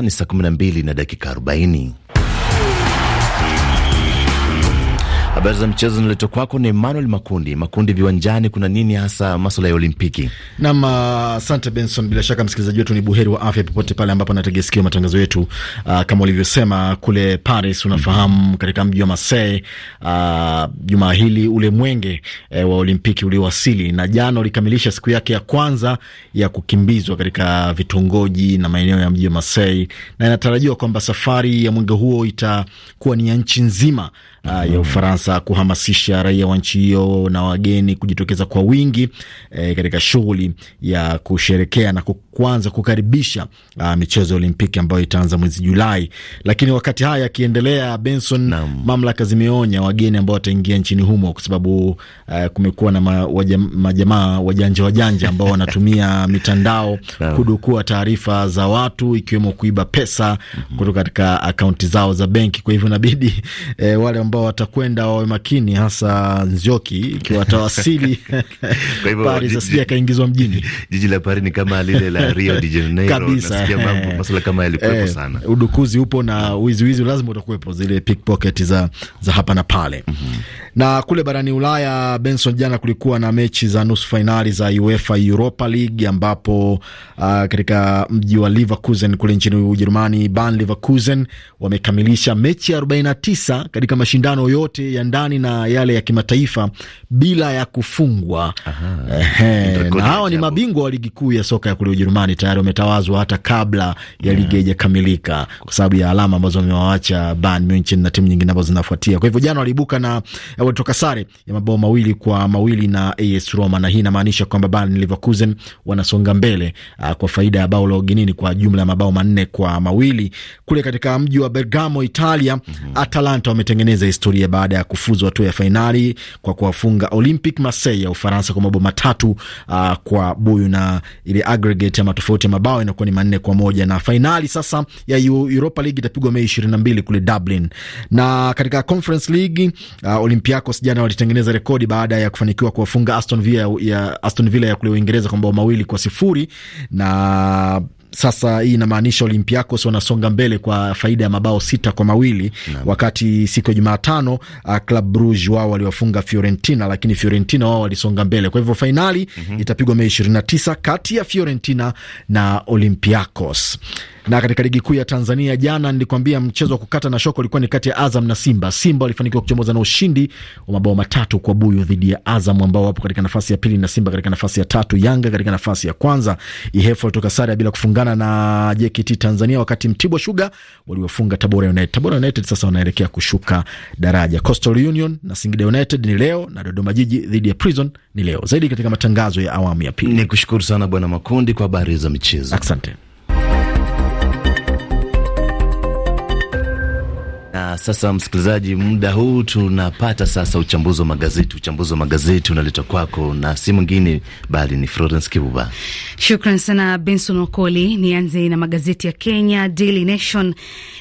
Ni saa 12 na dakika 40. Habari za michezo zinaletwa kwako ni Emmanuel Makundi. Makundi, viwanjani kuna nini hasa maswala ya Olimpiki? Nam, asante Benson. Bila shaka msikilizaji wetu ni buheri wa afya popote pale ambapo anategea sikio matangazo yetu. Uh, kama ulivyosema kule Paris, unafahamu mm -hmm. katika mji wa Marseille ah, jumaa hili ule mwenge eh, wa Olimpiki uliowasili na jana ulikamilisha siku yake ya kwanza ya kukimbizwa katika vitongoji na maeneo ya mji wa Marseille, na inatarajiwa kwamba safari ya mwenge huo itakuwa ni ya nchi nzima uh, ya mm-hmm. Ufaransa kuhamasisha raia wa nchi hiyo na wageni kujitokeza kwa wingi eh, katika shughuli ya kusherekea na kuanza kukaribisha uh, michezo ya Olimpiki ambayo itaanza mwezi Julai. Lakini wakati haya akiendelea, Benson, mamlaka zimeonya wageni ambao wataingia nchini humo kwa sababu uh, kumekuwa na ma, waja, majamaa wajanja wajanja ambao wanatumia mitandao kudukua taarifa za watu ikiwemo kuiba pesa mm -hmm. kutoka katika akaunti zao za benki. Kwa hivyo inabidi eh, wale ambao watakwenda wawe makini, hasa Nzioki ikiwa atawasili Paris asije akaingizwa mjini. Jiji la Paris ni kama lile la Rio de Janeiro nasikia mambo eh. masuala kama yalikuwepo eh, sana. Udukuzi upo na wiziwizi lazima utakuwepo, zile pickpocket za, za hapa na pale mm -hmm. Na kule barani Ulaya, Benson, jana kulikuwa na mechi za nusu fainali za UEFA Europa League ambapo uh, katika mji wa Leverkusen kule nchini Ujerumani, Bayer Leverkusen wamekamilisha mechi 49 katika mashindano yote ya ndani na yale ya kimataifa bila ya kufungwa. Aha, na hawa ni mabingwa wa ligi kuu ya soka ya kule Ujerumani. Ujerumani tayari wametawazwa hata kabla ya ligi mm. haijakamilika kwa sababu ya alama ambazo wamewaacha Bayern Munich na timu nyingine ambazo zinafuatia. Kwa hivyo jana waliibuka na eh, walitoka sare ya mabao mawili kwa mawili na AS Roma, na hii inamaanisha kwamba Bayern Leverkusen wanasonga mbele uh, kwa faida ya bao la ugenini kwa jumla ya mabao manne kwa mawili. Kule katika mji wa Bergamo, Italia, mm -hmm. Atalanta wametengeneza historia baada ya kufuzu hatua ya fainali kwa kuwafunga Olympic Marseille ya Ufaransa kwa mabao matatu uh, kwa buyu na ile aggregate licha tofauti matofauti ya mabao inakuwa ni manne kwa moja. Na fainali sasa ya Europa League itapigwa Mei 22 kule Dublin. Na katika Conference League uh, Olympiacos jana walitengeneza rekodi baada ya kufanikiwa kuwafunga Aston Villa ya Aston Villa ya kule Uingereza kwa mabao mawili kwa sifuri na sasa hii inamaanisha Olympiacos wanasonga mbele kwa faida ya mabao sita kwa mawili Nami. Wakati siku ya Jumatano uh, Club Brugge wao waliwafunga Fiorentina, lakini Fiorentina wao walisonga mbele. Kwa hivyo fainali mm -hmm. itapigwa Mei 29 kati ya Fiorentina na Olympiacos. Na katika ligi kuu ya Tanzania jana nilikwambia mchezo wa kukata na shoko ulikuwa ni kati ya Azam na Simba. Simba walifanikiwa kuchomoza na ushindi wa mabao matatu kwa buyu dhidi ya Azam ambao wapo katika nafasi ya pili na Simba katika nafasi ya tatu, Yanga katika nafasi ya kwanza. Ihefu walitoka sare bila kufungana na JKT Tanzania, wakati Mtibwa Sugar waliofunga Tabora United. Tabora United sasa wanaelekea kushuka daraja. Coastal Union na Singida United ni leo na Dodoma Jiji dhidi ya Prison ni leo. Zaidi katika matangazo ya awamu ya pili. Nikushukuru sana Bwana Makundi kwa habari za michezo. Asante. na sasa, msikilizaji, muda huu tunapata sasa uchambuzi wa magazeti. Uchambuzi wa magazeti unaletwa kwako na si mwingine bali ni Florence Kibuba. Shukran sana Benson Wakoli. Nianze na magazeti ya Kenya. Daily Nation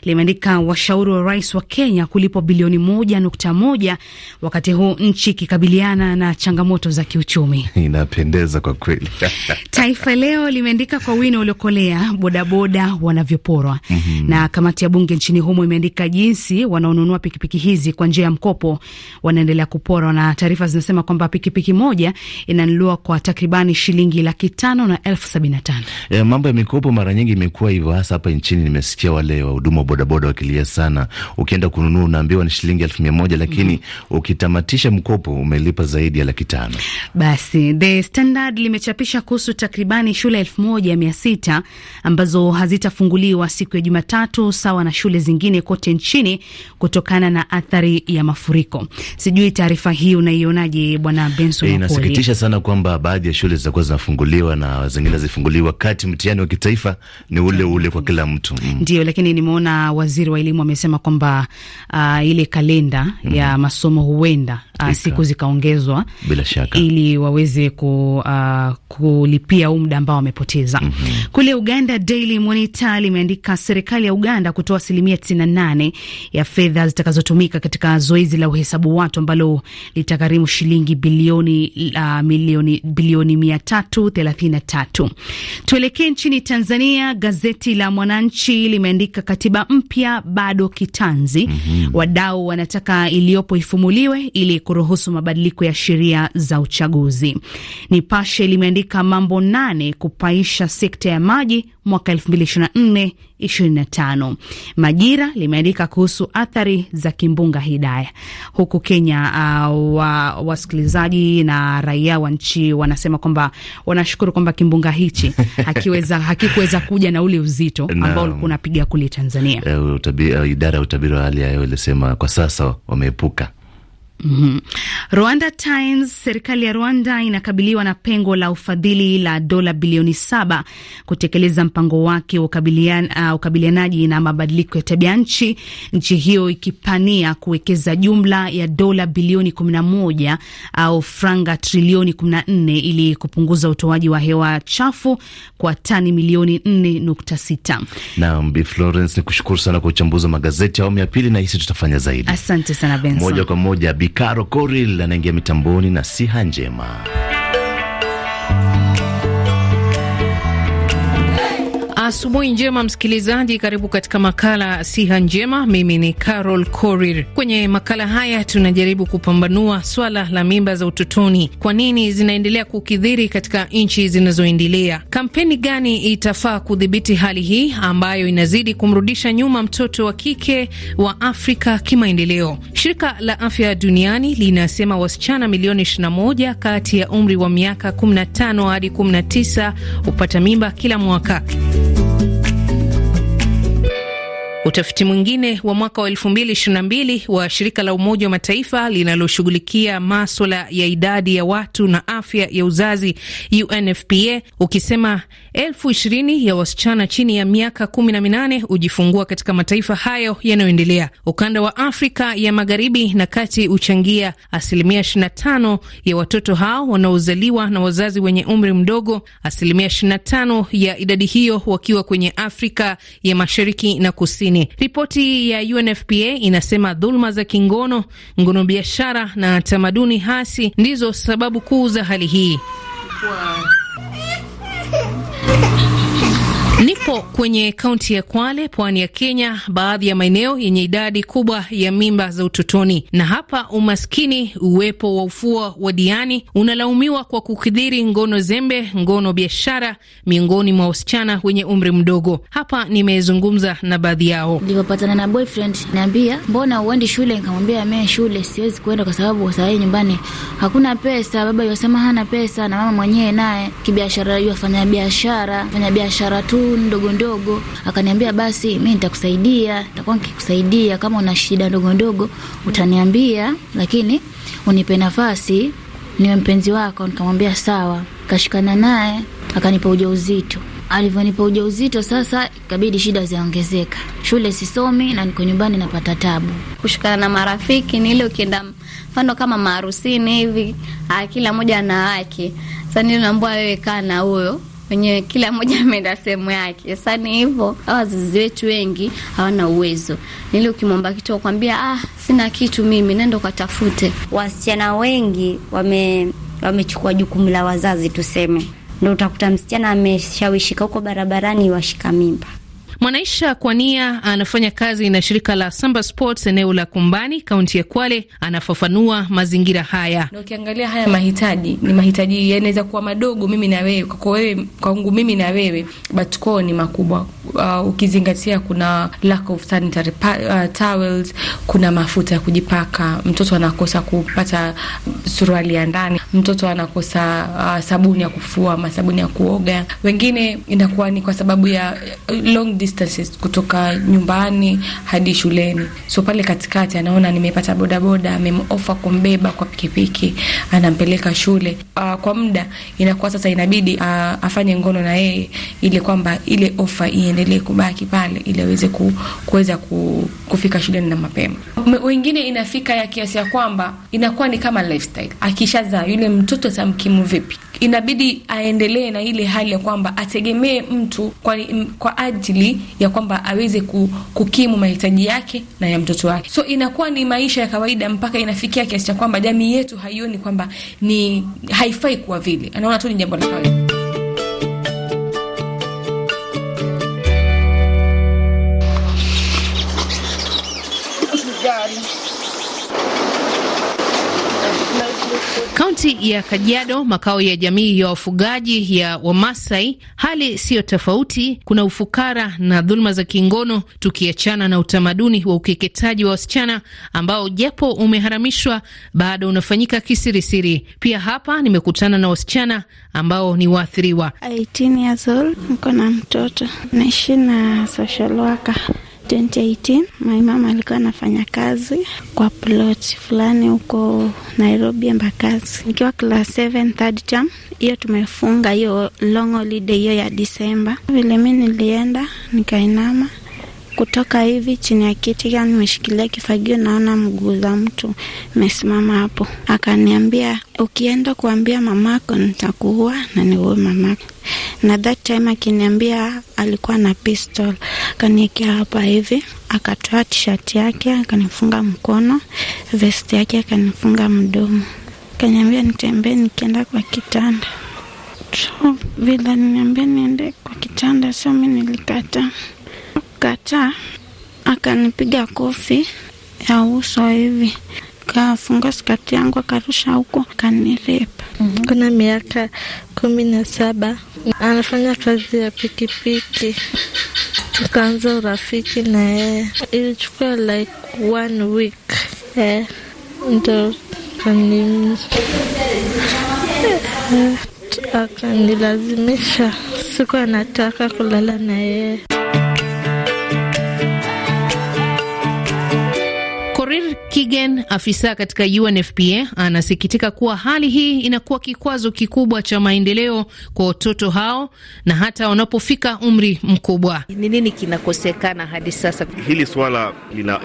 limeandika washauri wa rais wa Kenya kulipwa bilioni moja nukta moja wakati huu nchi ikikabiliana na changamoto za kiuchumi. Inapendeza kwa kweli. Taifa Leo limeandika kwa wino uliokolea bodaboda wanavyoporwa. mm -hmm. na kamati ya bunge nchini humo imeandika jinsi polisi wanaonunua pikipiki hizi kwa njia ya mkopo wanaendelea kuporwa, na taarifa zinasema kwamba pikipiki moja inanunuliwa kwa takribani shilingi laki tano na elfu sabini na tano. Yeah, mambo ya mikopo mara nyingi imekuwa hivyo, hasa hapa nchini. Nimesikia wale wahudumu wa bodaboda wakilia sana, ukienda kununua unaambiwa ni shilingi elfu mia moja lakini mm, ukitamatisha mkopo umelipa zaidi ya laki tano. Basi The Standard limechapisha kuhusu takribani shule elfu moja mia sita ambazo hazitafunguliwa siku ya Jumatatu sawa na shule zingine kote nchini kutokana na athari ya mafuriko. Sijui taarifa hii unaionaje, Bwana Benson? E, inasikitisha sana kwamba baadhi ya shule zitakuwa zinafunguliwa na zingine zifunguliwa, wakati mtihani wa kitaifa ni ule ule kwa kila mtu mm. Ndio, lakini nimeona waziri wa elimu amesema kwamba uh, ile kalenda mm. ya masomo huenda uh, siku zikaongezwa bila shaka ili waweze ku, uh, kulipia huu muda ambao wamepoteza mm -hmm. Kule Uganda Daily Monitor limeandika serikali ya Uganda kutoa asilimia 98 ya fedha zitakazotumika katika zoezi la uhesabu watu ambalo litagharimu shilingi bilioni uh, milioni bilioni mia tatu thelathini na tatu. Tuelekee nchini Tanzania. Gazeti la Mwananchi limeandika katiba mpya bado kitanzi. mm -hmm. Wadau wanataka iliyopo ifumuliwe ili kuruhusu mabadiliko ya sheria za uchaguzi. Nipashe limeandika mambo nane kupaisha sekta ya maji mwaka 2024 25. Majira limeandika kuhusu athari za kimbunga Hidaya huku Kenya. Uh, wa, wasikilizaji na raia wa nchi wanasema kwamba wanashukuru kwamba kimbunga hichi hakiweza hakikuweza kuja na ule uzito ambao ulikuwa unapiga kule Tanzania. Uh, eh, utabi, uh, idara ya utabiri wa hali ya hewa ilisema kwa sasa wameepuka Mm -hmm. Rwanda Times, serikali ya Rwanda inakabiliwa na pengo la ufadhili la dola bilioni saba kutekeleza mpango wake wa ukabiliana, uh, ukabilianaji na mabadiliko ya tabia nchi, nchi hiyo ikipania kuwekeza jumla ya dola bilioni 11 au franga trilioni 14 ili kupunguza utoaji wa hewa chafu kwa tani milioni 4.6. Naam, Bi Florence, nikushukuru sana kwa uchambuzi wa magazeti awamu ya pili, na hisi tutafanya zaidi. Asante sana Benson. Moja kwa moja Bi Karo Koril anaingia mitamboni na siha njema Asubuhi njema msikilizaji, karibu katika makala siha njema. Mimi ni Carol Korir. Kwenye makala haya tunajaribu kupambanua swala la mimba za utotoni, kwa nini zinaendelea kukidhiri katika nchi zinazoendelea? Kampeni gani itafaa kudhibiti hali hii ambayo inazidi kumrudisha nyuma mtoto wa kike wa Afrika kimaendeleo? Shirika la Afya Duniani linasema wasichana milioni 21 kati ya umri wa miaka 15 hadi 19 hupata mimba kila mwaka. Utafiti mwingine wa mwaka wa 2022 wa shirika la Umoja wa Mataifa linaloshughulikia maswala ya idadi ya watu na afya ya uzazi UNFPA ukisema elfu ishirini ya wasichana chini ya miaka 18 hujifungua katika mataifa hayo yanayoendelea. Ukanda wa Afrika ya magharibi na kati huchangia asilimia 25 ya watoto hao wanaozaliwa na wazazi wenye umri mdogo, asilimia 25 ya idadi hiyo wakiwa kwenye Afrika ya mashariki na kusini. Kusini. Ripoti ya UNFPA inasema dhuluma za kingono, ngono biashara na tamaduni hasi ndizo sababu kuu za hali hii. Nipo kwenye kaunti ya Kwale, pwani ya Kenya, baadhi ya maeneo yenye idadi kubwa ya mimba za utotoni. Na hapa umaskini, uwepo wa ufuo wa Diani unalaumiwa kwa kukidhiri ngono zembe, ngono biashara miongoni mwa wasichana wenye umri mdogo. Hapa nimezungumza na baadhi yao. Nilipopatana na boyfriend, naambia mbona uendi shule? Nikamwambia mimi shule siwezi kuenda kwa sababu sahii nyumbani hakuna pesa. Baba yosema hana pesa na mama mwenyewe naye kibiashara, yafanya biashara, fanya biashara tu saluni ndogo ndogo. Akaniambia basi mi nitakusaidia, nitakuwa nikikusaidia kama una shida ndogo ndogo utaniambia, lakini unipe nafasi niwe mpenzi wako. Nikamwambia sawa. Kashikana naye akanipa ujauzito. Alivyonipa ujauzito sasa, ikabidi shida ziongezeka. Shule sisomi na niko nyumbani napata tabu. Kushikana na marafiki ni ile, ukienda mfano kama maharusini hivi, ah, kila moja ana wake. Sasa nile wewe, kaa na huyo wenyewe, kila mmoja ameenda sehemu yake. Sasa ni hivyo, wazazi wetu wengi hawana uwezo, nili ukimwomba kitu wakwambia, ah, sina kitu mimi, nenda ukatafute. Wasichana wengi wame wamechukua jukumu la wazazi tuseme, ndo utakuta msichana ameshawishika huko barabarani, washika mimba Mwanaisha Kwania anafanya kazi na shirika la Samba Sports eneo la Kumbani, kaunti ya Kwale. Anafafanua mazingira haya. Na ukiangalia haya mahitaji ni mahitaji yanaweza kuwa madogo, mimi na wewe, kwa wewe, kwangu mimi na wewe, but kwao ni makubwa. Uh, ukizingatia kuna lack of sanitary pa, uh, towels, kuna mafuta ya kujipaka, mtoto anakosa kupata suruali ya ndani, mtoto anakosa uh, sabuni ya kufua, masabuni ya kuoga, wengine inakuwa ni kwa sababu ya uh, long distance distances kutoka nyumbani hadi shuleni. So pale katikati anaona nimepata bodaboda, amemofa kumbeba kwa pikipiki, anampeleka shule. Uh, kwa muda inakuwa sasa inabidi uh, afanye ngono na yeye ili kwamba ile ofa iendelee kubaki pale ili aweze ku, kuweza ku, kufika shuleni na mapema. Wengine inafika ya kiasi ya kwamba inakuwa ni kama lifestyle. Akishazaa yule mtoto tamkimu vipi? inabidi aendelee na ile hali ya kwamba ategemee mtu kwa, kwa ajili ya kwamba aweze kukimu mahitaji yake na ya mtoto wake. So inakuwa ni maisha ya kawaida mpaka inafikia kiasi cha kwamba jamii yetu haioni kwamba ni haifai kuwa vile, anaona tu ni jambo la kawaida. Kaunti ya Kajiado, makao ya jamii ya wafugaji ya Wamasai, hali siyo tofauti. Kuna ufukara na dhuluma za kingono, tukiachana na utamaduni wa ukeketaji wa wasichana ambao japo umeharamishwa bado unafanyika kisirisiri. Pia hapa nimekutana na wasichana ambao ni waathiriwa. Niko na mtoto naishi na social worker 2018 my mama alikuwa anafanya kazi kwa plot fulani huko Nairobi Mbakazi, nikiwa class 7 third term. Hiyo tumefunga hiyo long holiday hiyo ya Disemba. Vile mi nilienda nikainama kutoka hivi chini ya kiti, yani nimeshikilia kifagio, naona mguu za mtu imesimama hapo. Akaniambia, ukienda kuambia mamako nitakuua na niue mamako. Na that time akiniambia, alikuwa na pistol, akaniekea hapa hivi, akatoa tishati yake akanifunga mkono, vest yake akanifunga mdomo, akaniambia nitembee nikienda kwa kitanda So, vile niambia niende kwa kitanda, so mi nilikata kukataa, akanipiga kofi ya uso hivi, kafunga skati yangu akarusha huko, kanirepa. mm -hmm. Kuna miaka kumi na saba anafanya kazi ya pikipiki, tukaanza urafiki na yeye, ilichukua like one week eh, ndo akanilazimisha, siku anataka kulala na yeye que Reagan, afisa katika UNFPA, anasikitika kuwa hali hii inakuwa kikwazo kikubwa cha maendeleo kwa watoto hao na hata wanapofika umri mkubwa. Ni nini kinakosekana hadi sasa? Hili suala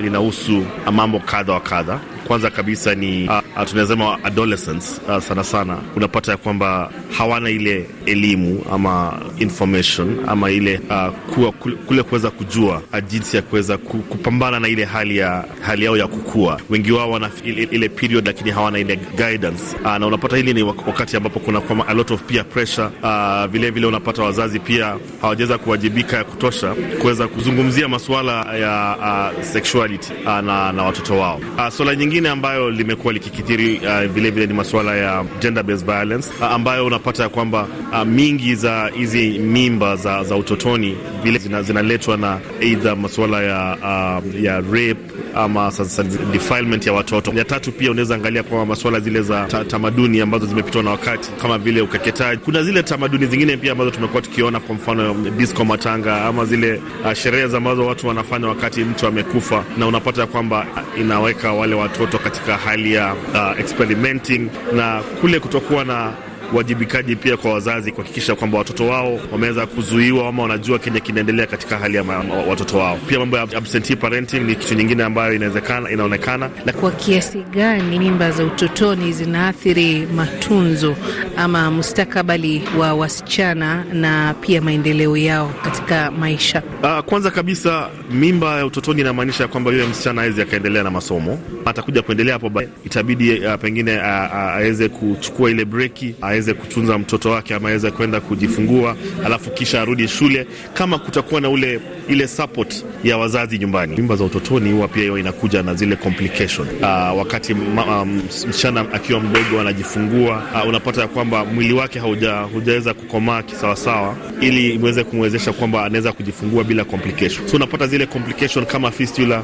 linahusu mambo kadha wa kadha. Kwanza kabisa ni uh, uh, tunasema adolescents uh, sana sana unapata ya kwamba hawana ile elimu ama information ama ile uh, kuwa, kule kuweza kujua uh, jinsi ya kuweza kupambana na ile hali ya hali yao ya kukua wengi wao wana ile, ile period lakini hawana ile guidance uh, na unapata hili ni wakati ambapo kuna a lot of peer pressure uh, vile vile unapata wazazi pia hawajaweza kuwajibika ya kutosha kuweza kuzungumzia masuala ya uh, sexuality uh, na, na watoto wao. Uh, swala nyingine ambayo limekuwa likikithiri uh, vile vile ni masuala ya gender based violence uh, ambayo unapata ya kwamba uh, mingi za hizi mimba za, za utotoni vile zinaletwa zina na eidha masuala ya, uh, ya rape ama sasa defilement ya watoto. Ya tatu pia unaweza angalia kwa masuala zile za ta, tamaduni ambazo zimepitwa na wakati kama vile ukeketaji. Kuna zile tamaduni zingine pia ambazo tumekuwa tukiona, kwa mfano disco matanga ama zile uh, sherehe ambazo watu wanafanya wakati mtu amekufa, na unapata kwamba uh, inaweka wale watoto katika hali ya uh, experimenting na kule kutokuwa na uwajibikaji pia kwa wazazi kuhakikisha kwamba watoto wao wameweza kuzuiwa ama wanajua kenye kinaendelea katika hali ya watoto wao. Pia mambo ya absentee parenting ni kitu nyingine ambayo inawezekana, inaonekana. Kwa kiasi gani mimba za utotoni zinaathiri matunzo ama mustakabali wa wasichana na pia maendeleo yao katika maisha? Aa, ah, kwanza kabisa mimba ya utotoni inamaanisha kwamba yule msichana awezi akaendelea na masomo, atakuja kuendelea hapo, itabidi ah, pengine ah, aweze kuchukua ile breki aweze kutunza mtoto wake ama aweze kwenda kujifungua, alafu kisha arudi shule, kama kutakuwa na ule ile support ya wazazi nyumbani. Mimba za utotoni huwa pia hiyo inakuja na zile complication. Uh, wakati ah, msichana um, akiwa mdogo anajifungua, uh, unapata ya kwamba mwili wake hujaweza kukomaa kisawasawa, ili iweze kumwezesha kwamba anaweza kujifungua bila complication. So unapata zile complication kama fistula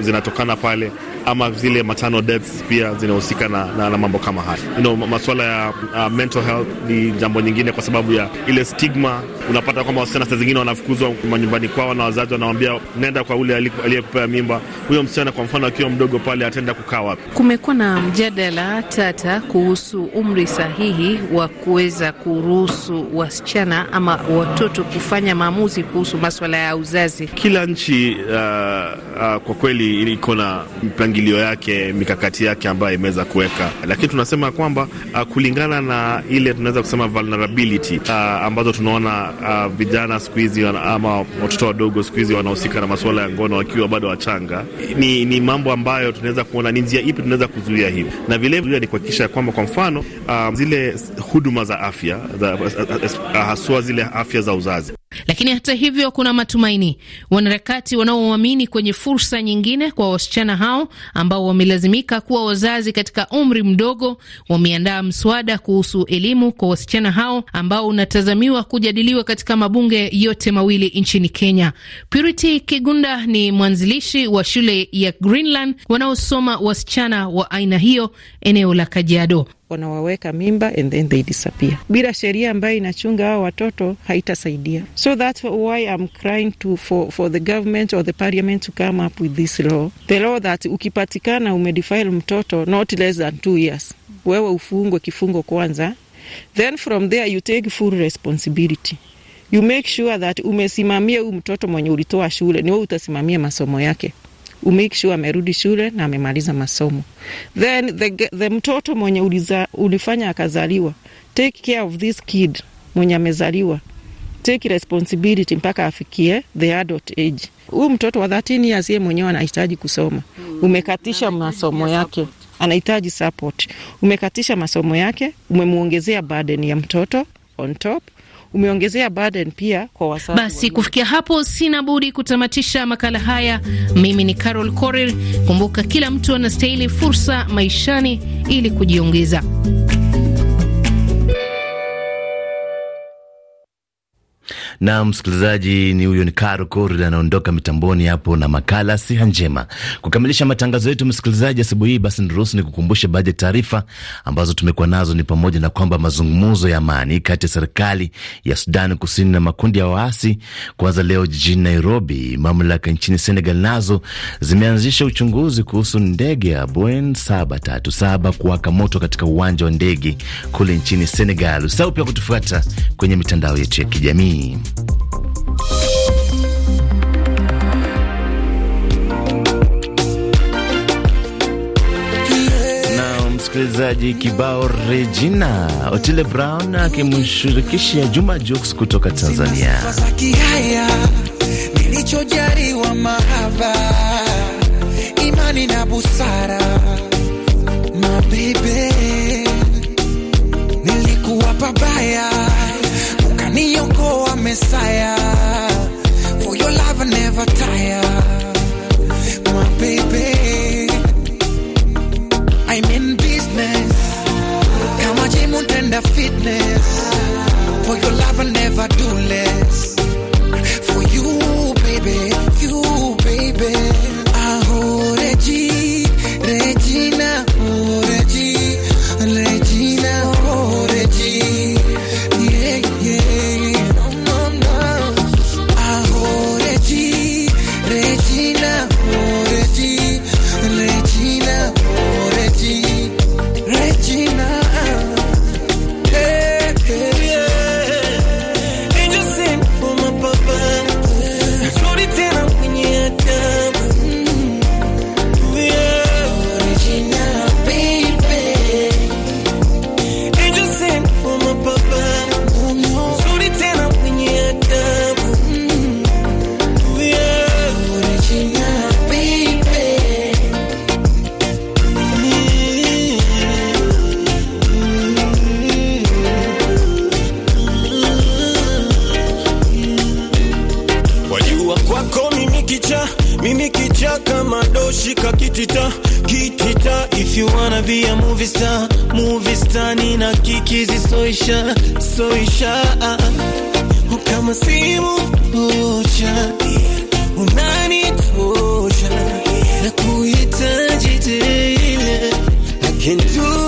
zinatokana zina pale ama zile maternal deaths pia zinahusika na, na, na mambo kama haya you know, masuala ya uh, mental health ni jambo nyingine, kwa sababu ya ile stigma. Unapata kwamba wasichana saa zingine wanafukuzwa manyumbani kwao na wazazi wanawambia, nenda kwa ule aliyekupea mimba. Huyo msichana kwa mfano akiwa mdogo pale ataenda kukaa wapi? Kumekuwa na mjadala tata kuhusu umri sahihi wa kuweza kuruhusu wasichana ama watoto kufanya maamuzi kuhusu maswala ya uzazi. Kila nchi uh, uh, kwa kweli iko na mipangilio yake, mikakati yake ambayo imeweza kuweka, lakini tunasema kwamba uh, kulingana na ile tunaweza kusema vulnerability uh, ambazo tunaona uh, vijana siku hizi ama watoto wadogo siku hizi wanahusika na masuala ya ngono wakiwa bado wachanga, ni, ni mambo ambayo tunaweza kuona ni njia ipi tunaweza kuzuia hivi, na vilevile ni kuhakikisha kwamba kwa mfano uh, zile huduma za afya za, haswa zile afya za uzazi lakini hata hivyo kuna matumaini. Wanaharakati wanaoamini kwenye fursa nyingine kwa wasichana hao ambao wamelazimika kuwa wazazi katika umri mdogo wameandaa mswada kuhusu elimu kwa wasichana hao ambao unatazamiwa kujadiliwa katika mabunge yote mawili nchini Kenya. Purity Kigunda ni mwanzilishi wa shule ya Greenland wanaosoma wasichana wa aina hiyo eneo la Kajiado wanawaweka mimba and then they disappear. Bila sheria ambayo inachunga hao watoto haitasaidia. So that's why I'm crying to for, for the government or the parliament to come up with this law. The law that ukipatikana umedefile mtoto not less than two years, wewe ufungwe kifungo kwanza, then from there you take full responsibility you make sure that umesimamia huyu mtoto mwenye ulitoa shule, ni wewe utasimamia masomo yake umake sure amerudi shule na amemaliza masomo. Then the, the mtoto mwenye uliza, ulifanya akazaliwa, take care of this kid mwenye amezaliwa, take responsibility mpaka afikie the adult age. Huyu mtoto wa 13 years yeye mwenyewe anahitaji kusoma, hmm. umekatisha masomo yake anahitaji support, umekatisha masomo yake, umemwongezea burden ya mtoto on top umeongezea burden pia kwa wazazi. Basi kufikia hapo, sina budi kutamatisha makala haya. Mimi ni Carol Korir. Kumbuka, kila mtu anastahili fursa maishani ili kujiongeza. Na msikilizaji, ni huyo ni Karo Korl anaondoka mitamboni hapo na makala siha njema. Kukamilisha matangazo yetu msikilizaji asubuhi hii, basi niruhusu ni kukumbushe baadhi ya taarifa ambazo tumekuwa nazo, ni pamoja na kwamba mazungumzo ya amani kati ya serikali ya Sudani Kusini na makundi ya waasi kuanza leo jijini Nairobi. Mamlaka nchini Senegal nazo zimeanzisha uchunguzi kuhusu ndege ya Boeing 737 kuwaka moto katika uwanja wa ndege kule nchini Senegal. Usahau pia kutufuata kwenye mitandao yetu ya kijamii. msikilizaji, kibao Regina Otile Brown akimshirikisha Juma Jux kutoka Tanzania. Nilichojaliwa mahaba, imani na busara, mabebe, nilikuwa pabaya, ukaniokoa Mesaya, for your love never tire Mimi kichaka madoshi kakitita kitita. If you wanna be a movie star, movie star na kikizi soisha soisha. Kama simu tosha unanitosha na kuhitaji tele, I can do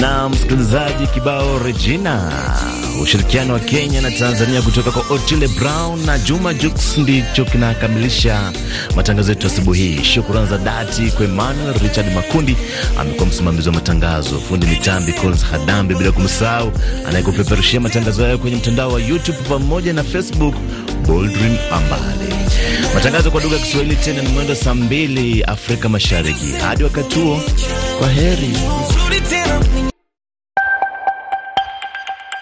na msikilizaji, kibao Regina, ushirikiano wa Kenya na Tanzania kutoka kwa Otile Brown na Juma Jux ndicho kinakamilisha matangazo yetu asubuhi hii. Shukran za dhati kwa Emmanuel Richard Makundi, amekuwa msimamizi wa matangazo, fundi mitambi Collins Hadambi, bila kumsahau anayekupeperushia matangazo hayo kwenye mtandao wa YouTube pamoja na Facebook, Boldrin Ambale. Matangazo kwa lugha ya Kiswahili tena ni mwendo saa mbili Afrika Mashariki. Hadi wakati huo, kwa heri.